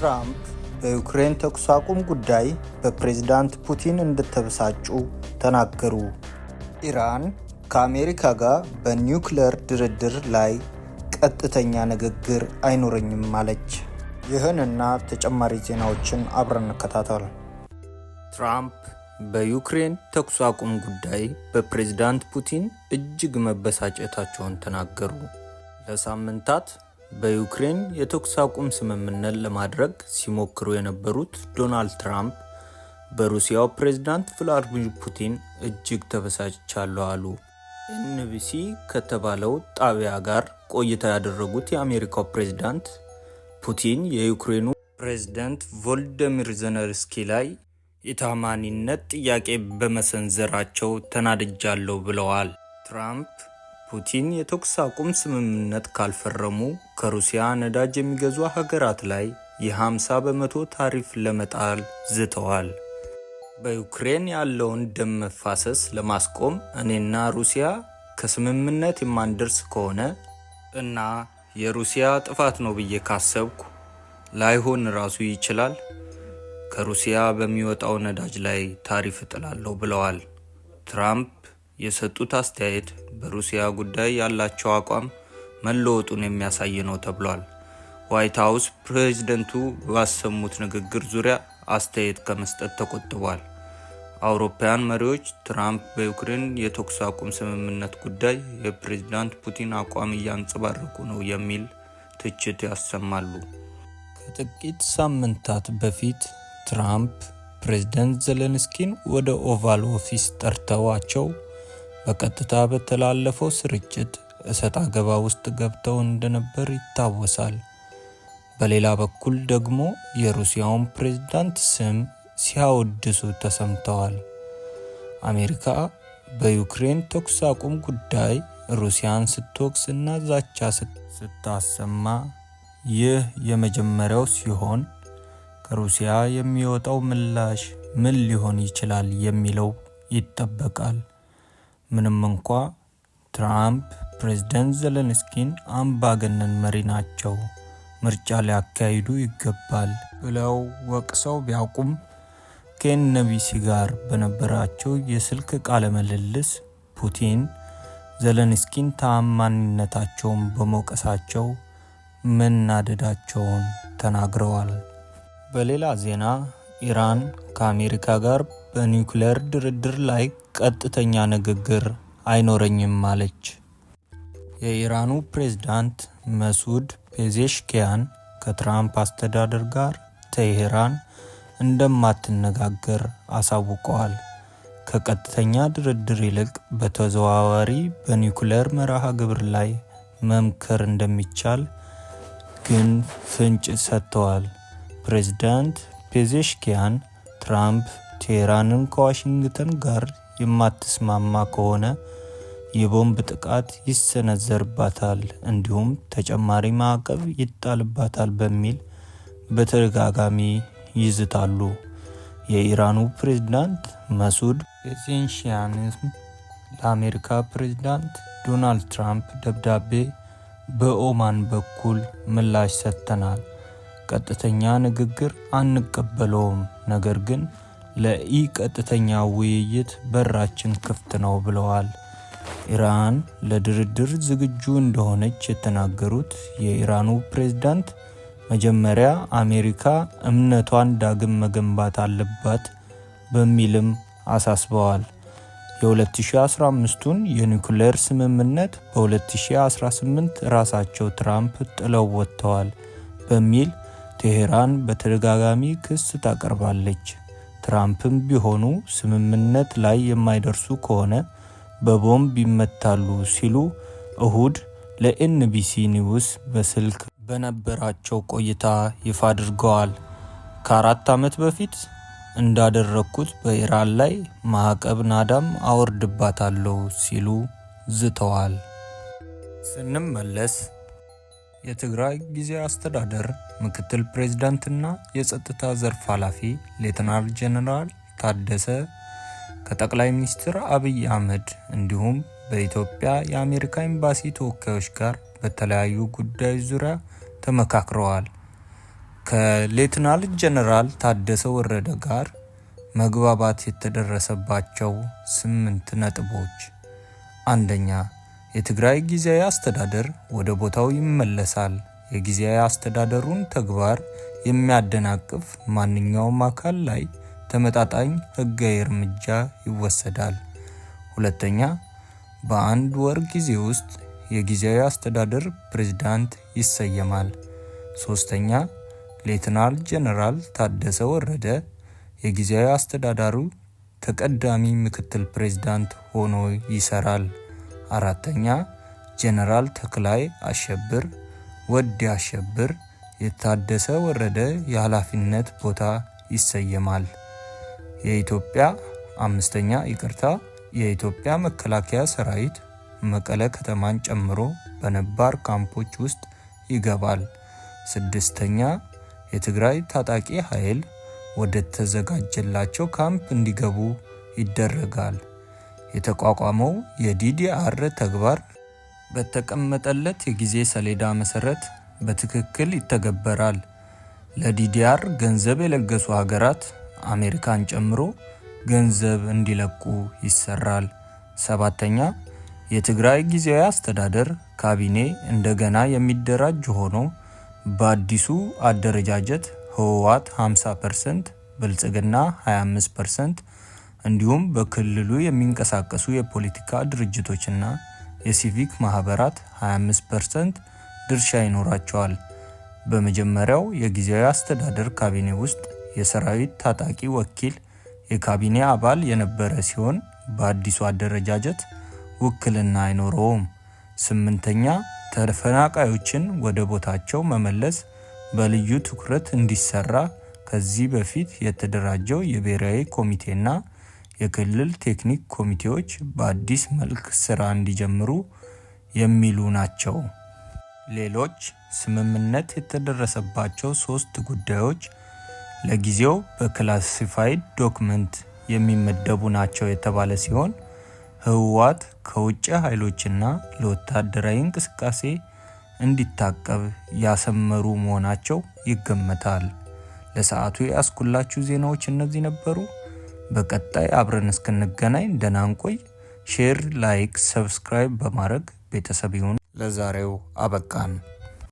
ትራምፕ በዩክሬን ተኩስ አቁም ጉዳይ በፕሬዝዳንት ፑቲን እንደተበሳጩ ተናገሩ። ኢራን ከአሜሪካ ጋር በኒውክለር ድርድር ላይ ቀጥተኛ ንግግር አይኖረኝም አለች። ይህንና ተጨማሪ ዜናዎችን አብረን እንከታተል። ትራምፕ በዩክሬን ተኩስ አቁም ጉዳይ በፕሬዝዳንት ፑቲን እጅግ መበሳጨታቸውን ተናገሩ። ለሳምንታት በዩክሬን የተኩስ አቁም ስምምነት ለማድረግ ሲሞክሩ የነበሩት ዶናልድ ትራምፕ በሩሲያው ፕሬዝዳንት ቭላድሚር ፑቲን እጅግ ተበሳጭቻለሁ አሉ። ኤንቢሲ ከተባለው ጣቢያ ጋር ቆይታ ያደረጉት የአሜሪካው ፕሬዝዳንት ፑቲን የዩክሬኑ ፕሬዝዳንት ቮልዲሚር ዘለንስኪ ላይ የታማኒነት ጥያቄ በመሰንዘራቸው ተናድጃለሁ ብለዋል። ትራምፕ ፑቲን የተኩስ አቁም ስምምነት ካልፈረሙ ከሩሲያ ነዳጅ የሚገዙ ሀገራት ላይ የ50 በመቶ ታሪፍ ለመጣል ዝተዋል። በዩክሬን ያለውን ደም መፋሰስ ለማስቆም እኔና ሩሲያ ከስምምነት የማንደርስ ከሆነ እና የሩሲያ ጥፋት ነው ብዬ ካሰብኩ ላይሆን ራሱ ይችላል ከሩሲያ በሚወጣው ነዳጅ ላይ ታሪፍ እጥላለሁ ብለዋል ትራምፕ የሰጡት አስተያየት በሩሲያ ጉዳይ ያላቸው አቋም መለወጡን የሚያሳይ ነው ተብሏል። ዋይት ሀውስ ፕሬዚደንቱ ባሰሙት ንግግር ዙሪያ አስተያየት ከመስጠት ተቆጥቧል። አውሮፓውያን መሪዎች ትራምፕ በዩክሬን የተኩስ አቁም ስምምነት ጉዳይ የፕሬዝዳንት ፑቲን አቋም እያንጸባረቁ ነው የሚል ትችት ያሰማሉ። ከጥቂት ሳምንታት በፊት ትራምፕ ፕሬዚደንት ዘለንስኪን ወደ ኦቫል ኦፊስ ጠርተዋቸው በቀጥታ በተላለፈው ስርጭት እሰጥ አገባ ውስጥ ገብተው እንደነበር ይታወሳል። በሌላ በኩል ደግሞ የሩሲያውን ፕሬዝዳንት ስም ሲያወድሱ ተሰምተዋል። አሜሪካ በዩክሬን ተኩስ አቁም ጉዳይ ሩሲያን ስትወቅስ እና ዛቻ ስታሰማ ይህ የመጀመሪያው ሲሆን ከሩሲያ የሚወጣው ምላሽ ምን ሊሆን ይችላል የሚለው ይጠበቃል። ምንም እንኳ ትራምፕ ፕሬዝደንት ዘለንስኪን አምባገነን መሪ ናቸው፣ ምርጫ ሊያካሂዱ ይገባል ብለው ወቅሰው ቢያውቁም ከኤንቢሲ ጋር በነበራቸው የስልክ ቃለ ምልልስ ፑቲን ዘለንስኪን ተአማኒነታቸውን በመውቀሳቸው መናደዳቸውን ተናግረዋል። በሌላ ዜና ኢራን ከአሜሪካ ጋር በኒውክሌር ድርድር ላይ ቀጥተኛ ንግግር አይኖረኝም አለች። የኢራኑ ፕሬዝዳንት መሱድ ፔዜሽኪያን ከትራምፕ አስተዳደር ጋር ቴሄራን እንደማትነጋገር አሳውቀዋል። ከቀጥተኛ ድርድር ይልቅ በተዘዋዋሪ በኒውክሌር መርሃ ግብር ላይ መምከር እንደሚቻል ግን ፍንጭ ሰጥተዋል። ፕሬዝዳንት ፔዜሽኪያን ትራምፕ ቴህራንም ከዋሽንግተን ጋር የማትስማማ ከሆነ የቦምብ ጥቃት ይሰነዘርባታል እንዲሁም ተጨማሪ ማዕቀብ ይጣልባታል በሚል በተደጋጋሚ ይዝታሉ። የኢራኑ ፕሬዝዳንት መሱድ ፔዜንሺያንም ለአሜሪካ ፕሬዝዳንት ዶናልድ ትራምፕ ደብዳቤ በኦማን በኩል ምላሽ ሰጥተናል፣ ቀጥተኛ ንግግር አንቀበለውም፣ ነገር ግን ለኢ ቀጥተኛ ውይይት በራችን ክፍት ነው ብለዋል። ኢራን ለድርድር ዝግጁ እንደሆነች የተናገሩት የኢራኑ ፕሬዝዳንት መጀመሪያ አሜሪካ እምነቷን ዳግም መገንባት አለባት በሚልም አሳስበዋል። የ2015ቱን የኒኩሌር ስምምነት በ2018 ራሳቸው ትራምፕ ጥለው ወጥተዋል በሚል ቴሄራን በተደጋጋሚ ክስ ታቀርባለች። ትራምፕም ቢሆኑ ስምምነት ላይ የማይደርሱ ከሆነ በቦምብ ይመታሉ ሲሉ እሁድ ለኤንቢሲ ኒውስ በስልክ በነበራቸው ቆይታ ይፋ አድርገዋል። ከአራት ዓመት በፊት እንዳደረግኩት በኢራን ላይ ማዕቀብ ናዳም አወርድባታለሁ ሲሉ ዝተዋል። ስንመለስ የትግራይ ጊዜ አስተዳደር ምክትል ፕሬዝዳንትና የጸጥታ ዘርፍ ኃላፊ ሌተናል ጄኔራል ታደሰ ከጠቅላይ ሚኒስትር አብይ አህመድ እንዲሁም በኢትዮጵያ የአሜሪካ ኤምባሲ ተወካዮች ጋር በተለያዩ ጉዳዮች ዙሪያ ተመካክረዋል። ከሌትናል ጄኔራል ታደሰ ወረደ ጋር መግባባት የተደረሰባቸው ስምንት ነጥቦች አንደኛ የትግራይ ጊዜያዊ አስተዳደር ወደ ቦታው ይመለሳል። የጊዜያዊ አስተዳደሩን ተግባር የሚያደናቅፍ ማንኛውም አካል ላይ ተመጣጣኝ ሕጋዊ እርምጃ ይወሰዳል። ሁለተኛ፣ በአንድ ወር ጊዜ ውስጥ የጊዜያዊ አስተዳደር ፕሬዝዳንት ይሰየማል። ሶስተኛ፣ ሌትናል ጄኔራል ታደሰ ወረደ የጊዜያዊ አስተዳዳሩ ተቀዳሚ ምክትል ፕሬዝዳንት ሆኖ ይሰራል። አራተኛ ጄነራል ተክላይ አሸብር ወዲ አሸብር የታደሰ ወረደ የኃላፊነት ቦታ ይሰየማል። የኢትዮጵያ አምስተኛ ይቅርታ የኢትዮጵያ መከላከያ ሰራዊት መቀለ ከተማን ጨምሮ በነባር ካምፖች ውስጥ ይገባል። ስድስተኛ የትግራይ ታጣቂ ኃይል ወደ ተዘጋጀላቸው ካምፕ እንዲገቡ ይደረጋል። የተቋቋመው የዲዲአር ተግባር በተቀመጠለት የጊዜ ሰሌዳ መሰረት በትክክል ይተገበራል። ለዲዲአር ገንዘብ የለገሱ ሀገራት አሜሪካን ጨምሮ ገንዘብ እንዲለቁ ይሰራል። ሰባተኛ የትግራይ ጊዜያዊ አስተዳደር ካቢኔ እንደገና የሚደራጅ ሆኖ በአዲሱ አደረጃጀት ህወሓት 50 ፐርሰንት፣ ብልጽግና 25 ፐርሰንት፣ እንዲሁም በክልሉ የሚንቀሳቀሱ የፖለቲካ ድርጅቶችና የሲቪክ ማህበራት 25% ድርሻ ይኖራቸዋል። በመጀመሪያው የጊዜያዊ አስተዳደር ካቢኔ ውስጥ የሰራዊት ታጣቂ ወኪል የካቢኔ አባል የነበረ ሲሆን በአዲሱ አደረጃጀት ውክልና አይኖረውም። ስምንተኛ ተፈናቃዮችን ወደ ቦታቸው መመለስ በልዩ ትኩረት እንዲሰራ ከዚህ በፊት የተደራጀው የብሔራዊ ኮሚቴና የክልል ቴክኒክ ኮሚቴዎች በአዲስ መልክ ስራ እንዲጀምሩ የሚሉ ናቸው። ሌሎች ስምምነት የተደረሰባቸው ሶስት ጉዳዮች ለጊዜው በክላሲፋይድ ዶክመንት የሚመደቡ ናቸው የተባለ ሲሆን ህወሓት ከውጭ ኃይሎችና ለወታደራዊ እንቅስቃሴ እንዲታቀብ ያሰመሩ መሆናቸው ይገመታል። ለሰዓቱ ያስኩላችሁ ዜናዎች እነዚህ ነበሩ። በቀጣይ አብረን እስክንገናኝ ደህና ሼር፣ ላይክ፣ ሰብስክራይብ በማድረግ ቤተሰብ ይሁን። ለዛሬው አበቃን።